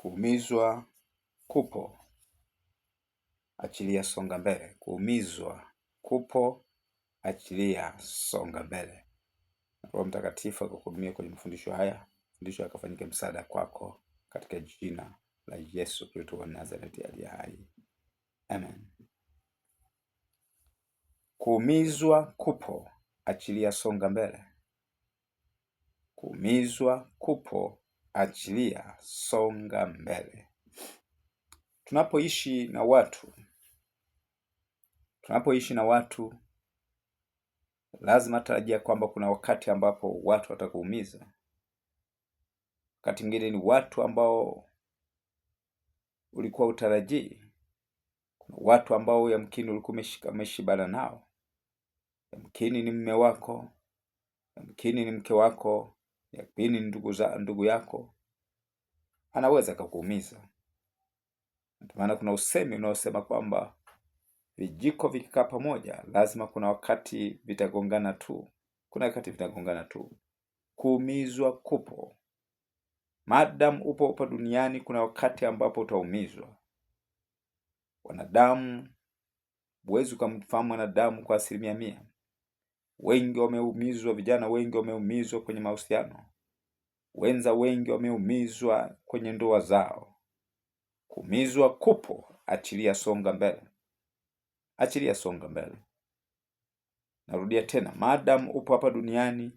kuumizwa kupo, achilia songa mbele. Kuumizwa kupo, achilia songa mbele. Roho Mtakatifu akuhudumia kwenye mafundisho haya, fundisho akafanyike msaada kwako katika jina la Yesu Kristo wa Nazareti aliye hai, amen. Kuumizwa kupo, achilia songa mbele. Kuumizwa kupo, achilia, songa mbele. Tunapoishi na watu, tunapoishi na watu lazima tarajia kwamba kuna wakati ambapo watu watakuumiza. Wakati mwingine ni watu ambao ulikuwa utarajii. Kuna watu ambao yamkini ulikuwa umeshibana nao, yamkini ni mme wako, yamkini ni mke wako, ya pili ndugu, za, ndugu yako anaweza kakuumiza Ndio maana kuna usemi unaosema kwamba vijiko vikikaa pamoja lazima kuna wakati vitagongana tu, kuna wakati vitagongana tu. Kuumizwa kupo madam upo hapa duniani, kuna wakati ambapo utaumizwa. Wanadamu, huwezi ukamfahamu mwanadamu kwa asilimia mia, wengi wameumizwa, vijana wengi wameumizwa kwenye mahusiano, wenza wengi wameumizwa kwenye ndoa zao. Kuumizwa kupo, achilia, songa mbele, achilia, songa mbele. Narudia tena, madam upo hapa duniani,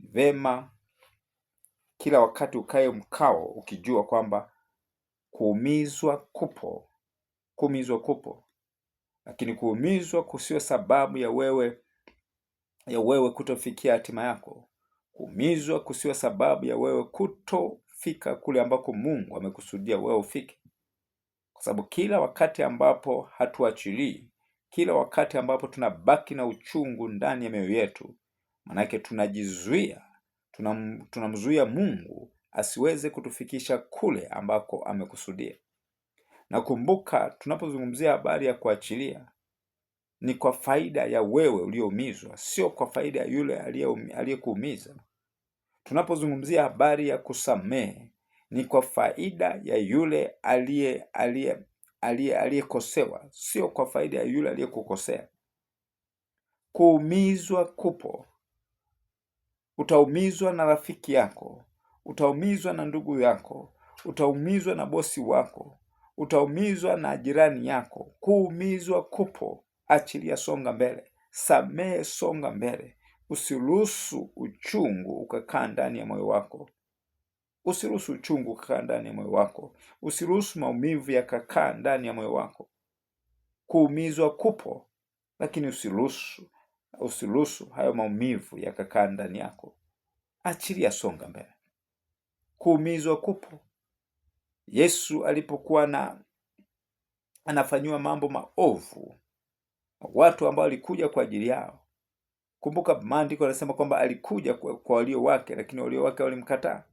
vema kila wakati ukae mkao ukijua kwamba kuumizwa kupo, kuumizwa kupo, lakini kuumizwa kusiwe sababu ya wewe ya wewe kutofikia hatima yako. Kuumizwa kusiwe sababu ya wewe kutofika kule ambako Mungu amekusudia wewe ufike, kwa sababu kila wakati ambapo hatuachilii, kila wakati ambapo tunabaki na uchungu ndani ya mioyo yetu, manake tunajizuia, tunam, tunamzuia Mungu asiweze kutufikisha kule ambako amekusudia. Na kumbuka tunapozungumzia habari ya kuachilia ni kwa faida ya wewe ulioumizwa, sio kwa faida ya yule um, aliyekuumiza. Tunapozungumzia habari ya kusamehe, ni kwa faida ya yule aliye aliye aliye aliyekosewa, sio kwa faida ya yule aliyekukosea. Kuumizwa kupo. Utaumizwa na rafiki yako, utaumizwa na ndugu yako, utaumizwa na bosi wako, utaumizwa na jirani yako. Kuumizwa kupo achilia, songa mbele, samehe, songa mbele. Usiruhusu uchungu ukakaa ndani ya moyo wako, usiruhusu uchungu ukakaa ndani ya moyo wako, usiruhusu maumivu yakakaa ndani ya moyo wako. Kuumizwa kupo, lakini usiruhusu usiruhusu hayo maumivu yakakaa ndani yako, achilia, songa mbele. Kuumizwa kupo. Yesu alipokuwa na anafanyiwa mambo maovu watu ambao alikuja kwa ajili yao. Kumbuka maandiko anasema kwamba alikuja kwa, kwa walio wake, lakini walio wake walimkataa.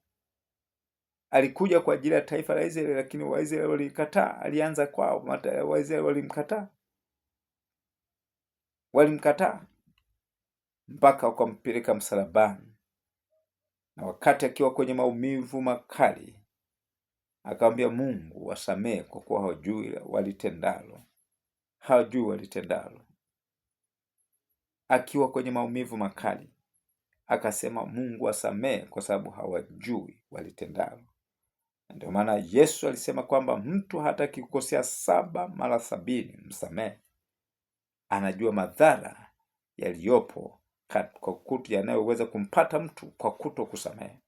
Alikuja kwa ajili ya taifa la Israeli, lakini Waisraeli walikataa. Alianza kwao, Waisraeli walimkataa, walimkataa mpaka wakampeleka msalabani, na wakati akiwa kwenye maumivu makali akamwambia Mungu, wasamehe kwa kuwa hawajui walitendalo hawajui walitendalo Akiwa kwenye maumivu makali, akasema Mungu asamehe kwa sababu hawajui walitendalo. Ndio maana Yesu alisema kwamba mtu hata akikukosea saba mara sabini msamehe. Anajua madhara yaliyopo kwa kutu yanayoweza kumpata mtu kwa kuto kusamehe.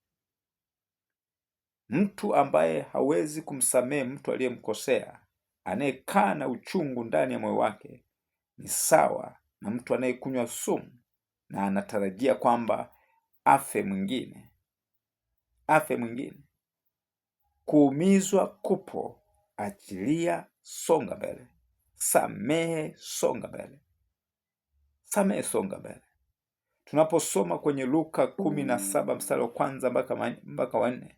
Mtu ambaye hawezi kumsamehe mtu aliyemkosea Anayekaa na uchungu ndani ya moyo wake ni sawa na mtu anayekunywa sumu na anatarajia kwamba afe mwingine, afe mwingine. Kuumizwa kupo, achilia, songa mbele. Samehe, songa mbele. Samehe, songa mbele. Tunaposoma kwenye Luka kumi na saba mstari wa kwanza mpaka wanne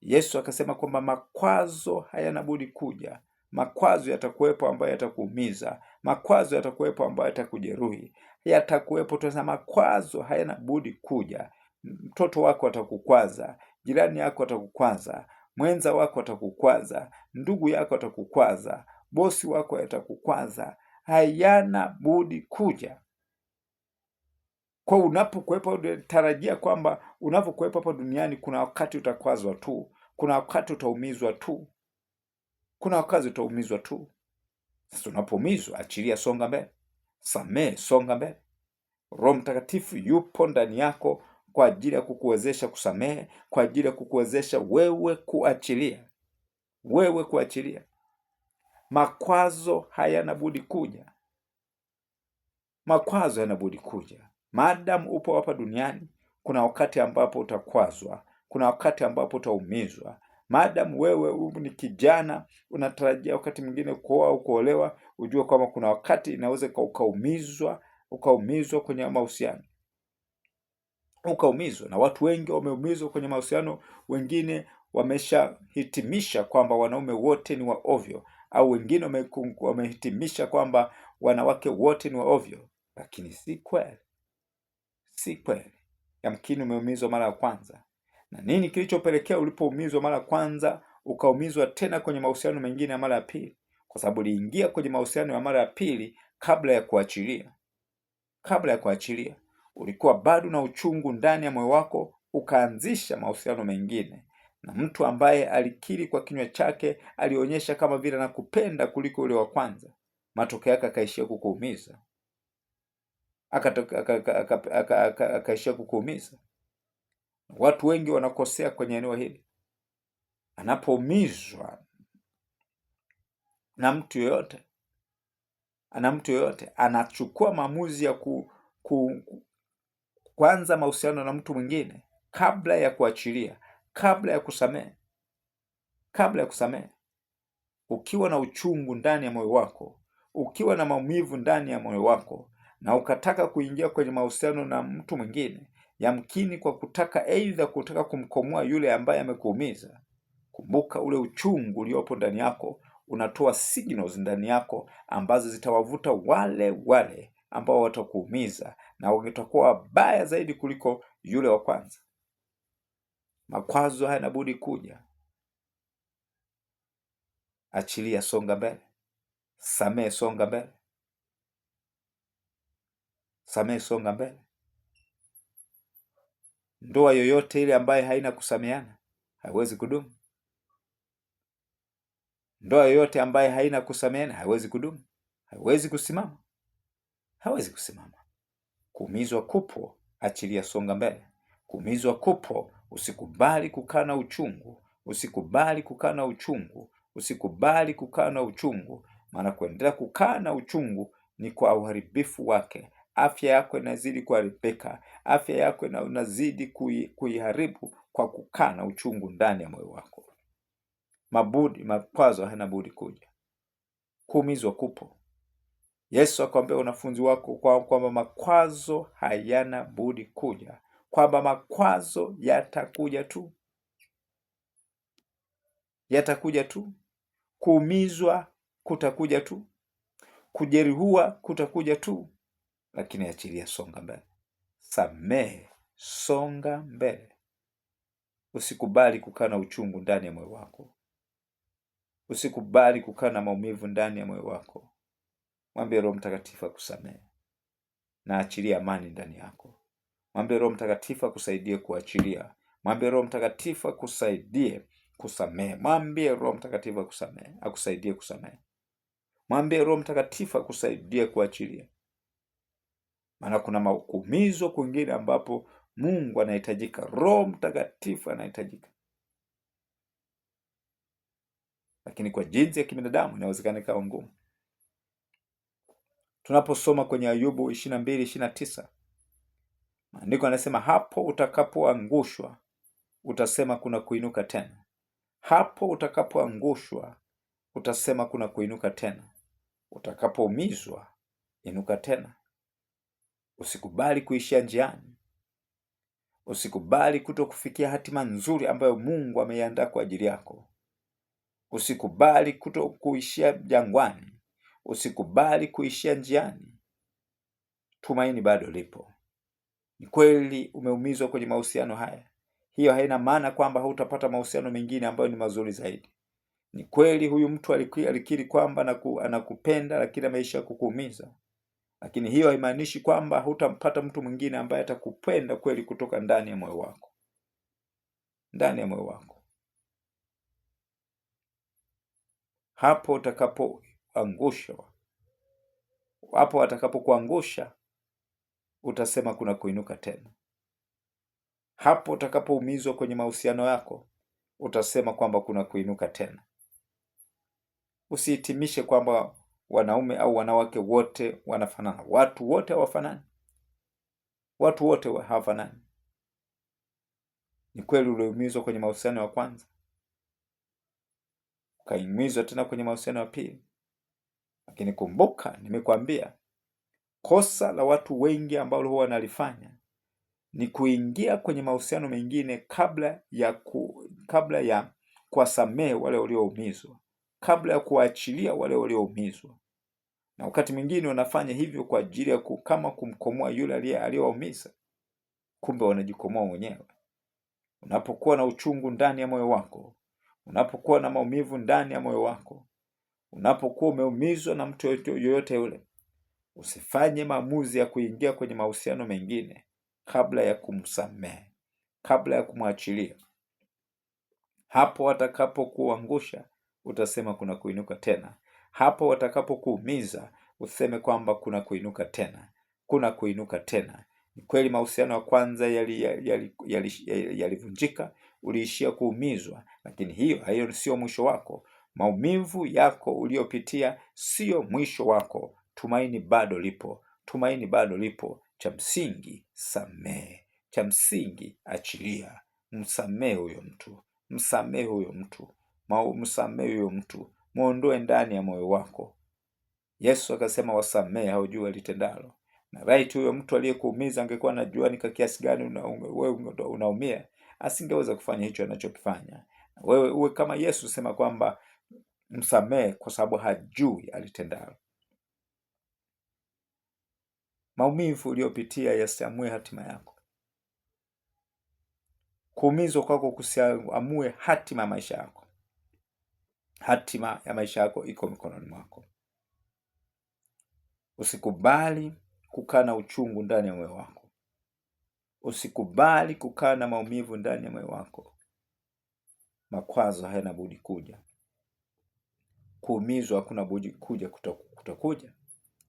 Yesu akasema kwamba makwazo hayana budi kuja Makwazo yatakuwepo ambayo yatakuumiza, makwazo yatakuwepo ambayo yatakujeruhi, yatakuwepo. Tunasema makwazo hayana budi kuja. Mtoto wako atakukwaza, jirani yako atakukwaza, mwenza wako atakukwaza, ndugu yako atakukwaza, bosi wako atakukwaza. Hayana budi kuja kwa unapokuwepo. tarajia kwamba unapokuwepo hapa duniani, kuna wakati utakwazwa tu, kuna wakati utaumizwa tu. Kuna wakazi utaumizwa tu. Sasa unapoumizwa, achilia, songa mbele, samehe, songa mbele. Roho Mtakatifu yupo ndani yako kwa ajili ya kukuwezesha kusamehe, kwa ajili ya kukuwezesha wewe kuachilia, wewe kuachilia. Makwazo hayana budi kuja, makwazo hayana budi kuja. Maadamu upo hapa duniani, kuna wakati ambapo utakwazwa, kuna wakati ambapo utaumizwa, Madam wewe ni kijana unatarajia wakati mwingine kuoa au kuolewa, ujue kwamba kuna wakati inaweza ukaumizwa, ukaumizwa kwenye mahusiano ukaumizwa na watu wengi wameumizwa kwenye mahusiano. Wengine wameshahitimisha kwamba wanaume wote ni waovyo, au wengine wamehitimisha kwamba wanawake wote ni waovyo, lakini si kweli, si kweli. Yamkini umeumizwa mara ya kwanza, na nini kilichopelekea ulipoumizwa mara ya kwanza ukaumizwa tena kwenye mahusiano mengine ya mara ya pili, kwa sababu uliingia kwenye mahusiano ya mara ya pili kabla ya kuachilia. Kabla ya kuachilia, ulikuwa bado na uchungu ndani ya moyo wako, ukaanzisha mahusiano mengine na mtu ambaye alikiri kwa kinywa chake, alionyesha kama vile anakupenda kuliko ule wa kwanza. Matokeo yake akaishia kukuumiza, akaishia kukuumiza. Watu wengi wanakosea kwenye eneo hili, anapoumizwa na mtu yoyote na mtu yoyote anachukua maamuzi ya ku, ku, kuanza mahusiano na mtu mwingine kabla ya kuachilia, kabla ya kusamehe, kabla ya kusamehe. Ukiwa na uchungu ndani ya moyo wako, ukiwa na maumivu ndani ya moyo wako, na ukataka kuingia kwenye mahusiano na mtu mwingine, yamkini kwa kutaka aidha kutaka kumkomoa yule ambaye amekuumiza. Kumbuka ule uchungu uliopo ndani yako unatoa signals ndani yako ambazo zitawavuta wale wale ambao watakuumiza na wangetakuwa wabaya zaidi kuliko yule wa kwanza. Makwazo haya yanabudi kuja. Achilia, songa mbele. samee songa mbele. samee songa mbele. Ndoa yoyote ile ambayo haina kusameana haiwezi kudumu. Ndoa yoyote ambayo haina kusameana haiwezi kudumu, haiwezi kusimama, hawezi kusimama. Kuumizwa kupo, achilia, songa mbele. Kuumizwa kupo, usikubali kukaa na uchungu, usikubali kukaa na uchungu, usikubali kukaa na uchungu, maana kuendelea kukaa na uchungu ni kwa uharibifu wake afya yako inazidi kuharibika, afya yako inazidi unazidi kuiharibu kwa kukaa na uchungu ndani ya moyo wako. Mabudi, makwazo hayana budi kuja, kuumizwa kupo. Yesu akawambia wanafunzi wako kwamba makwazo hayana budi kuja, kwamba makwazo yatakuja tu, yatakuja tu, kuumizwa kutakuja tu, kujeruhiwa kutakuja tu, lakini achilia, songa mbele, samehe, songa mbele. Usikubali kukaa na uchungu ndani ya moyo wako, usikubali kukaa na maumivu ndani ya moyo wako. Mwambie Roho Mtakatifu akusamehe na achilie amani ndani yako. Mwambie Roho Mtakatifu akusaidie kuachilia. Mwambie Roho Mtakatifu akusaidie kusamehe. Mwambie Roho Mtakatifu akusamehe, akusaidie kusamehe. Mwambie Roho Mtakatifu akusaidie kuachilia. Maana kuna mahukumizo kwingine ambapo Mungu anahitajika, Roho Mtakatifu anahitajika, lakini kwa jinsi ya kibinadamu inawezekana ikawa ngumu. Tunaposoma kwenye Ayubu ishirini na mbili ishirini na tisa maandiko anasema, hapo utakapoangushwa utasema kuna kuinuka tena, hapo utakapoangushwa utasema kuna kuinuka tena, utakapoumizwa inuka tena. Usikubali kuishia njiani. Usikubali kuto kufikia hatima nzuri ambayo Mungu ameiandaa kwa ajili yako. Usikubali kuto kuishia jangwani. Usikubali kuishia njiani. Tumaini bado lipo. Ni kweli umeumizwa kwenye mahusiano haya, hiyo haina maana kwamba hautapata mahusiano mengine ambayo ni mazuri zaidi. Ni kweli huyu mtu alikiri kwamba anakupenda lakini ameisha kukuumiza lakini hiyo haimaanishi kwamba hutampata mtu mwingine ambaye atakupenda kweli kutoka ndani ya moyo wako, ndani ya moyo wako. Hapo utakapoangushwa, hapo atakapokuangusha, utasema kuna kuinuka tena. Hapo utakapoumizwa kwenye mahusiano yako, utasema kwamba kuna kuinuka tena. Usihitimishe kwamba wanaume au wanawake wote wanafanana. Watu wote hawafanani, watu wote hawafanani. Ni kweli ulioumizwa kwenye mahusiano ya kwanza ukaimizwa tena kwenye mahusiano ya pili, lakini kumbuka, nimekwambia kosa la watu wengi ambao huwa wanalifanya ni kuingia kwenye mahusiano mengine kabla ya ku, kabla ya kuwasamehe wale walioumizwa, kabla ya kuwaachilia wale walioumizwa na wakati mwingine wanafanya hivyo kwa ajili ya kama kumkomoa yule aliyowaumiza, kumbe wanajikomoa mwenyewe. Unapokuwa na uchungu ndani ya moyo wako, unapokuwa na maumivu ndani ya moyo wako, unapokuwa umeumizwa na mtu yoyote yule, usifanye maamuzi ya kuingia kwenye mahusiano mengine kabla ya kumsamehe, kabla ya kumwachilia. Hapo watakapokuangusha utasema kuna kuinuka tena, hapo watakapokuumiza useme kwamba kuna kuinuka tena, kuna kuinuka tena. Ni kweli mahusiano ya kwanza yalivunjika, yali, yali, yali, yali uliishia kuumizwa, lakini hiyo hiyo sio mwisho wako. Maumivu yako uliyopitia sio mwisho wako. Tumaini bado lipo, tumaini bado lipo. Cha msingi samehe, cha msingi achilia, msamehe huyo mtu, msamehe huyo mtu, msamehe huyo mtu mwondoe ndani ya moyo wako. Yesu akasema, wasamehe haujua litendalo. Na right huyo mtu aliyekuumiza angekuwa anajua ni kwa kiasi gani wewe una, unaumia, asingeweza kufanya hicho anachokifanya. wewe uwe kama Yesu, sema kwamba msamehe kwa sababu hajui alitendalo. Maumivu uliyopitia yasiamue hatima yako. Kuumizwa kwako kusiamue hatima ya maisha yako hatima ya maisha yako iko mikononi mwako. Usikubali kukaa na uchungu ndani ya moyo wako. Usikubali kukaa na maumivu ndani ya moyo wako. Makwazo hayana budi kuja, kuumizwa hakuna budi kuja, kutokuja.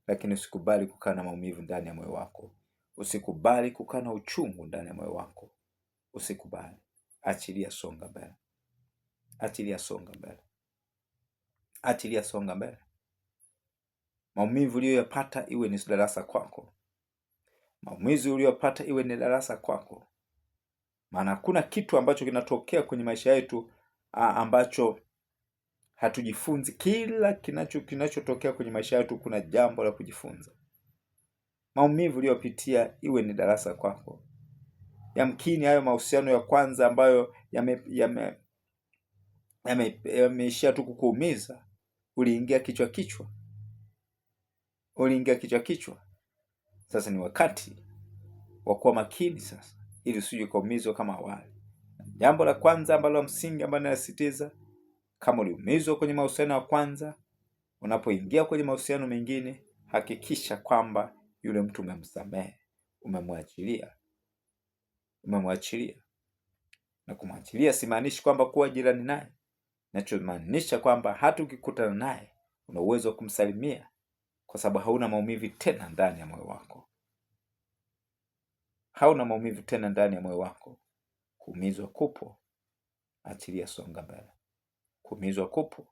Lakini usikubali kukaa na maumivu ndani ya moyo wako. Usikubali kukaa na uchungu ndani ya moyo wako. Usikubali, achilia, songa mbele, achilia, songa mbele achilia songa mbele. Maumivu uliyoyapata iwe ni darasa kwako, maumivu uliyopata iwe ni darasa kwako, maana hakuna kitu ambacho kinatokea kwenye maisha yetu ambacho hatujifunzi. Kila kinacho kinachotokea kwenye maisha yetu kuna jambo la kujifunza. Maumivu uliyopitia iwe ni darasa kwako. Yamkini hayo mahusiano ya kwanza ambayo yameishia yame, yameishia yame tu kukuumiza uliingia kichwa kichwa, uliingia kichwa kichwa. Sasa ni wakati wa kuwa makini sasa, ili usije kaumizwa kama awali. Jambo la kwanza ambalo la msingi ambalo ninasisitiza, kama uliumizwa kwenye mahusiano ya kwanza, unapoingia kwenye mahusiano mengine, hakikisha kwamba yule mtu umemsamehe, umemwachilia, umemwachilia. Na kumwachilia simaanishi kwamba kuwa jirani naye Nachomaanisha kwamba hata ukikutana naye una uwezo wa kumsalimia kwa sababu hauna maumivu tena ndani ya moyo wako, hauna maumivu tena ndani ya moyo wako. Kuumizwa kupo, achilia, songa mbele. Kuumizwa kupo,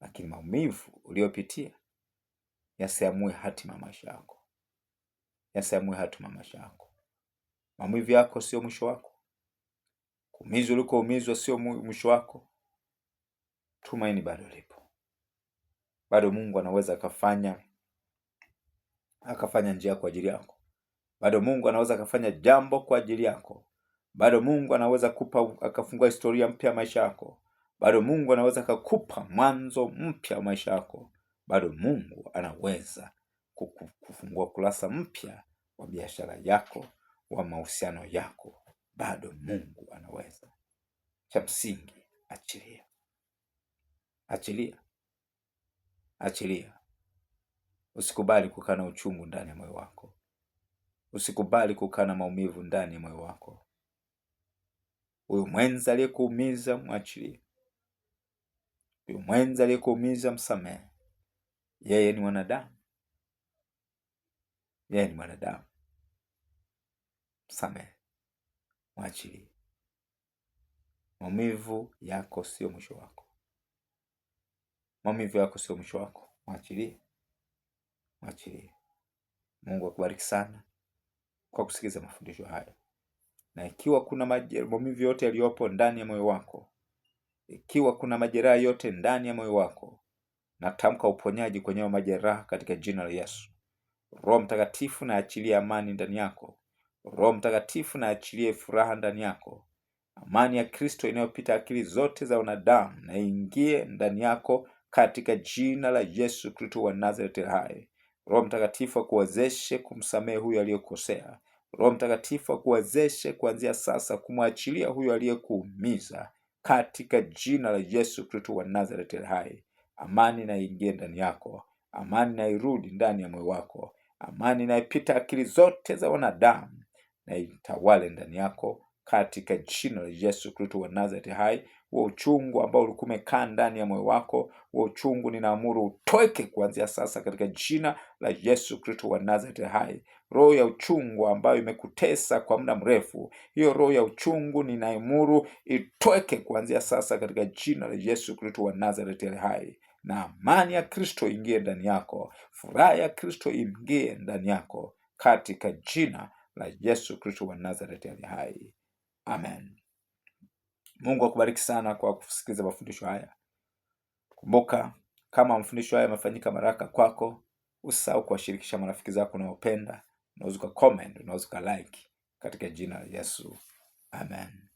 lakini maumivu uliyopitia yasiamue hatima maisha yako, yasiamue hatima maisha yako. Maumivu yako sio mwisho wako. Kuumizwa ulikoumizwa sio mwisho wako tumaini bado lipo, bado Mungu anaweza akafanya akafanya njia kwa ajili yako, bado Mungu anaweza akafanya jambo kwa ajili yako, bado Mungu anaweza kupa akafungua historia mpya ya maisha yako, bado Mungu anaweza akakupa mwanzo mpya wa maisha yako, bado Mungu anaweza kufungua kurasa mpya wa biashara yako, wa mahusiano yako, bado Mungu anaweza. Cha msingi achilia. Achilia, achilia. Usikubali kukaa na uchungu ndani ya moyo wako, usikubali kukaa na maumivu ndani ya moyo wako. Huyu mwenza aliyekuumiza mwachilie, huyu mwenza aliyekuumiza msamehe. Yeye ni mwanadamu, yeye ni mwanadamu. Msamehe, mwachilie. Maumivu yako sio mwisho wako. Maumivu yako sio mwisho wako, mwachilie, mwachilie. Mungu akubariki sana kwa kusikiza mafundisho haya, na ikiwa kuna maumivu yote yaliyopo ndani ya moyo wako, ikiwa kuna majeraha yote ndani ya moyo wako, natamka uponyaji kwenye majeraha katika jina la Yesu. Roho Mtakatifu na achilie amani ndani yako. Roho Mtakatifu na achilie furaha ndani yako. Amani ya Kristo inayopita akili zote za wanadamu na ingie ndani yako katika jina la Yesu Kristo wa Nazareti hai. Roho Mtakatifu akuwezeshe kumsamehe huyo aliyekosea. Roho Mtakatifu akuwezeshe kuanzia sasa kumwachilia huyo aliyekuumiza katika jina la Yesu Kristo wa Nazareti hai. Amani na iingie ndani yako, amani na irudi ndani ya moyo wako, amani naipita akili zote za wanadamu na itawale ndani yako katika jina la Yesu Kristo wa Nazareti hai huo uchungu ambao ulikuwa umekaa ndani ya moyo wako, huo uchungu ninaamuru utoke kuanzia sasa katika jina la Yesu Kristo wa Nazareti hai. Roho ya uchungu ambayo imekutesa kwa muda mrefu, hiyo roho ya uchungu ninaamuru itoke kuanzia sasa katika jina la Yesu Kristo wa Nazareti hai na amani ya Kristo ingie ndani yako, furaha ya Kristo ingie ndani yako, katika jina la Yesu Kristo wa Nazareti hai, amen. Mungu akubariki sana kwa kusikiliza mafundisho haya. Kumbuka, kama mafundisho haya yamefanyika baraka kwako, usisahau kuwashirikisha marafiki zako unaopenda. Unaweza uka unaweza like katika jina la Yesu, amen.